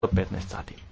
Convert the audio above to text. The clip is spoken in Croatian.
do 15 sati.